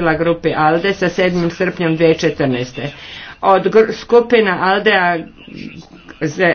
nastupila grupi ALDE sa 7. srpnjom 2014. Od skupina ALDE-a